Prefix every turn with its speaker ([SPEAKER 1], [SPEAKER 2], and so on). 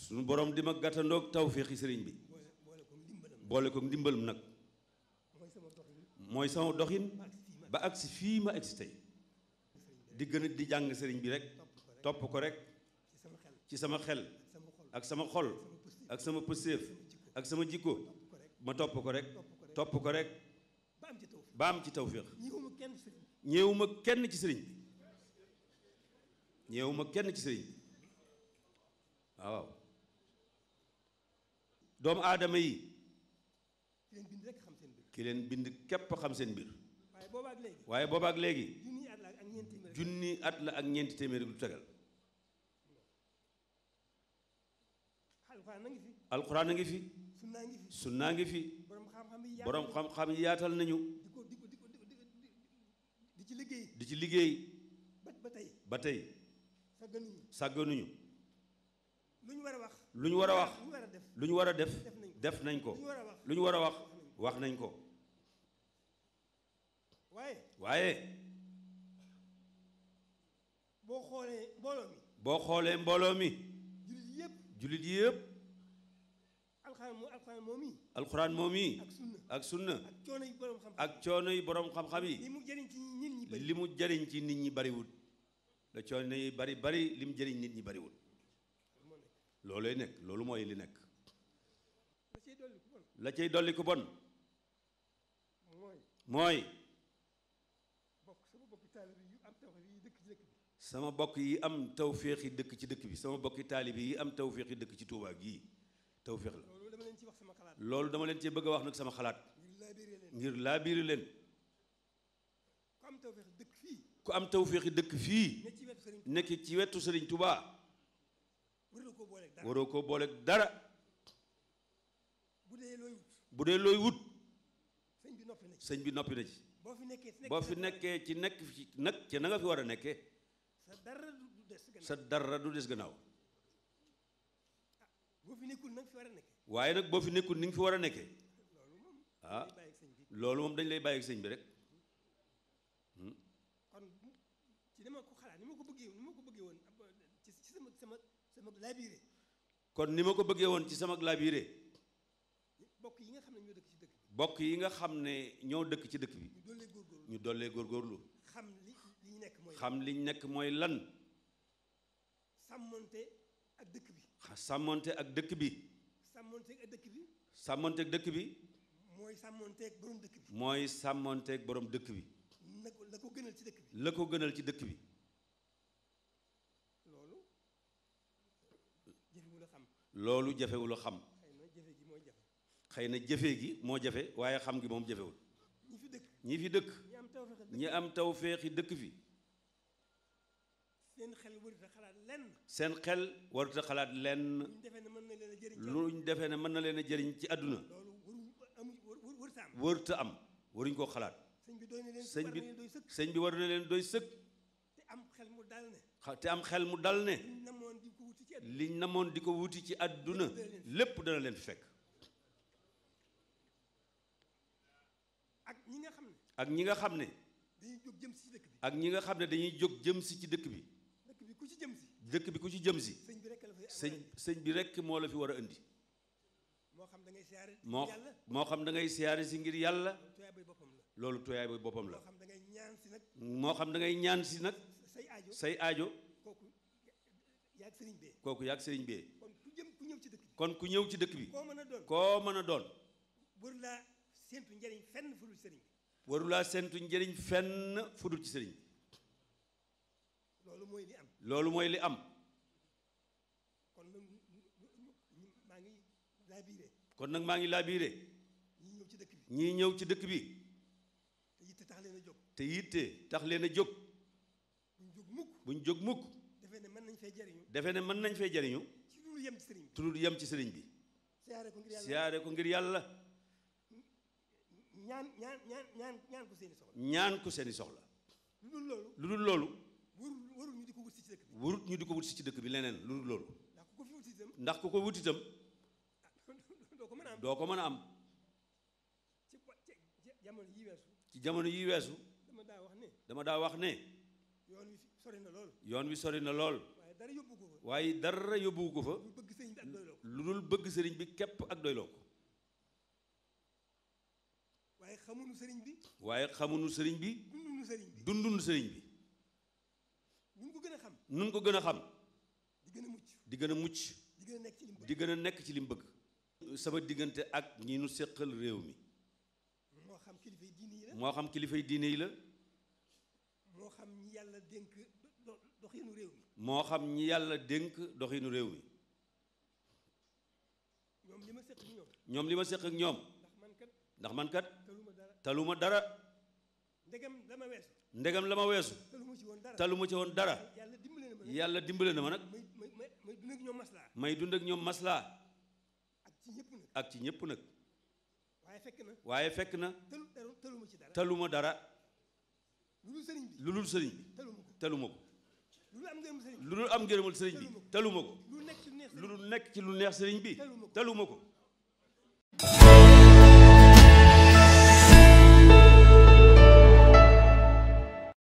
[SPEAKER 1] suñu boroom di ma gàttandoog tawféexi sëriñ bi boole ko ndimbalam nag mooy sama doxin ba agsi fii ma agsi tey di gën di jàng sëriñ bi rek topp ko rek ci sama xel ak sama xol ak sama pëseef ak sama jikko ma topp ko rek topp ko rek ba am ci tawféex ñeewuma kenn ci sëriñ bi ñeewuma kenn ci sëriñ bi waaw doomu aadama yi. ki leen bind xam seen mbir. leen bind képp xam seen mbir.
[SPEAKER 2] waaye boobaak léegi. waaye boobaak léegi. junni
[SPEAKER 1] at la ak ñeenti téeméer. junni at ak ñeenti téeméer du tegal.
[SPEAKER 2] alxuraan a ngi fi. alxuraan ngi fi.
[SPEAKER 1] sunnaa ngi fi. sunnaa ngi fi. borom xam-xam yi borom yi yaatal nañu.
[SPEAKER 2] di ko di ko di ko ci liggéey. di ci liggéey. ba ba tey.
[SPEAKER 1] ba tey. sàgganuñu.
[SPEAKER 2] lu ñu war a wax lu ñu war a wax lu ñu war a def def nañ ko lu ñu war a wax wax nañ ko waaye waaye boo xoolee mbooloo mi
[SPEAKER 1] boo xoolee mbooloo mi jullit yëpp jullit yëpp
[SPEAKER 2] alxuraan moom yi
[SPEAKER 1] alxuraan moom yi ak sunna ak coono yi boroom xam-xam yi li
[SPEAKER 2] mu jëriñ ci nit ñi
[SPEAKER 1] bari mu jëriñ ci nit ñi bariwul la coono yi bari bari li mu jëriñ nit ñi bariwul loolooy nekk loolu mooy li nekk.
[SPEAKER 2] la cay dolli ku bon.
[SPEAKER 1] la cay dolli ku bon. mooy. mooy.
[SPEAKER 2] bokk sama bokk taalib
[SPEAKER 1] yi am tawféex yi dëkk ci dëkk bi. sama bokk yi am bi bokki taalib yi am tawféex yi dëkk ci Tuubaa gii tawféex la. loolu dama leen ci wax sama xalaat. dama leen ci bëgg a wax nag sama xalaat. ngir laabiiri leen ngir laabiiri leen.
[SPEAKER 2] ku am tawféex dëkk
[SPEAKER 1] fii. ku am tawféex dëkk
[SPEAKER 2] fii.
[SPEAKER 1] nekk ci wetu Serigne Touba. waroo koo booleek dara waroo koo booleeg dara.
[SPEAKER 2] bu dee looy wut.
[SPEAKER 1] bu dee looy wut. sëñ bi noppi na ci sëñ bi noppi na ci.
[SPEAKER 2] boo fi nekkee ci boo fi
[SPEAKER 1] nekkee ci nekk ci nag ci na nga fi war a nekkee. sa dara du des gannaaw sa
[SPEAKER 2] ah, boo fi nekkul na nga fi war a nekkee.
[SPEAKER 1] waaye nag boo fi nekkul ni nga fi war a nekkee. ah loolu moom dañ lay bàyyi ak sëñ bi rek. Hmm?
[SPEAKER 2] kon ci dama ko xalaat ni ma ko bëggee ni ko bëggee woon ci sama sama. sama labiré.
[SPEAKER 1] kon ni ma ko bëggee woon ci sama labiré. bokk yi nga xam ne ñoo dëkk ci dëkk bi. bokk yi nga xam ne ñoo dëkk ci dëkk bi. ñu dollee góorgóorlu ñu dollee góorgóorlu.
[SPEAKER 2] xam li li ñu nekk mooy. xam
[SPEAKER 1] li ñu nekk mooy lan.
[SPEAKER 2] sàmmonte ak dëkk bi.
[SPEAKER 1] sàmmonte ak dëkk bi.
[SPEAKER 2] sàmmonte ak dëkk bi.
[SPEAKER 1] sàmmonte ak dëkk bi.
[SPEAKER 2] mooy sàmmonte ak borom dëkk bi.
[SPEAKER 1] mooy sàmmonte ak borom dëkk bi.
[SPEAKER 2] la ko gënal ci dëkk bi.
[SPEAKER 1] la ko gënal ci dëkk bi. loolu jafewul a xam. xëy na jafe gi moo jafe waaye xam gi moom jafewul. ñi fi dëkk ñii fi dëkk. ñi am tawféexi dëkk fi.
[SPEAKER 2] seen xel warut xalaat lenn.
[SPEAKER 1] seen xel warut a xalaat lenn. luñ defee ne mën na leen a jëriñ ci àdduna. warut a am waruñ koo xalaat. sëñ bi sëñ bi war na leen doy sëkk. am mu te am xel mu dal ne. liñ namoon di ko wuti ci àdduna lépp dana leen fi fekk
[SPEAKER 2] ak ñi nga xam ne
[SPEAKER 1] ak ñi nga xam ne
[SPEAKER 2] dañuy jóg jëm ci dëkk bi
[SPEAKER 1] ak ñi nga xam ne dañuy jóg jëm si ci dëkk bi
[SPEAKER 2] dëkk bi ku ci jëm
[SPEAKER 1] dëkk bi ku ci jëm si sëñ bi rek sëñ sëñ bi rekk moo la fi war a indi
[SPEAKER 2] moo xam dangay ngay moo moo xam da ngay siyaare si ngir yàlla loolu
[SPEAKER 1] tooyaay bay boppam la moo xam da ngay ñaan si nag moo xam da ngay si nag say aajo say aajo yaag sëriñ bee kooku yaag sëriñ bee kon ku jëm ku ci dëkk bi kon ku ñëw ci dëkk bi koo mën a doon koo mën a doon waru laa séentu njëriñ fenn fu dul sëriñ bi waru fenn fu dul ci sëriñ bi
[SPEAKER 2] loolu mooy li am
[SPEAKER 1] loolu mooy li am
[SPEAKER 2] kon nag maa ngi laabiire
[SPEAKER 1] kon nag maa ngi laabiire ñii ñëw ci dëkk bi ñii ñëw ci dëkk bi
[SPEAKER 2] te yitte tax leen a jóg
[SPEAKER 1] te yitte tax leen a jóg jóg mukk buñ jóg mukk fee jëriñu defe ne mën nañ fee jëriñu
[SPEAKER 2] ci dul yem ci sëriñ bi
[SPEAKER 1] tudul yem ci sëriñ bi siyaare ko ngir yàlla
[SPEAKER 2] ñaan ñaan ñaan ñaan
[SPEAKER 1] ñaan ko seeni soxla ñaan ko seeni soxla lu dul loolu lu dul loolu
[SPEAKER 2] warut ñu di ko wut si ci dëkk
[SPEAKER 1] bi warut ñu di ko wut si ci dëkk bi leneen lu dul loolu ndax ku ko fi wut itam ndax
[SPEAKER 2] ku ko wut itam doo ko mën a am doo ko mën a am ci jamono yi weesu
[SPEAKER 1] ci jamono yi weesu
[SPEAKER 2] dama daa wax ne
[SPEAKER 1] dama daa wax ne
[SPEAKER 2] yoon wi sori na lool
[SPEAKER 1] yoon wi sori na lool waaye dara yóbbuwu ko fa lu dul bëgg sëriñ bi képp ak doyloo ko
[SPEAKER 2] waaye xamuñu sëriñ bi
[SPEAKER 1] waaye xamuñu sëriñ bi dunduñu sëriñ bi
[SPEAKER 2] bi nun ko gën a xam
[SPEAKER 1] nun ko gën a xam di gën a mucc
[SPEAKER 2] di gën a mucc
[SPEAKER 1] a nekk ci lim bëgg sama diggante ak ñi nu séqal réew mi
[SPEAKER 2] moo xam kilifay yi la xam
[SPEAKER 1] kilifay diine yi la
[SPEAKER 2] moo xam ñi yàlla dénk doxinu réew mi.
[SPEAKER 1] moo xam ñi yàlla dénk doxinu réew mi. ñoom li ma seq ak ñoom. li ma seq ak ñoom. ndax man kat. ndax man kat. taluma dara taluma dara.
[SPEAKER 2] ndegam la ma weesu.
[SPEAKER 1] ndegam la ma weesu.
[SPEAKER 2] taluma ci woon dara taluma ci woon dara. yàlla dimbale na ma nag
[SPEAKER 1] yàlla dimbale na ma nag.
[SPEAKER 2] may may may dund ak ñoom maslaa.
[SPEAKER 1] may dund ak ñoom maslaa. ak ci ñëpp nag nag. waaye fekk na waaye fekk na. taluma ci dara taluma dara.
[SPEAKER 2] lu dul sëriñ bi lu dul bi. taluma
[SPEAKER 1] ko. lu dul am ngërëmul sëriñ bi taluma ko lu dul nekk ci lu neex sëriñ bi taluma ko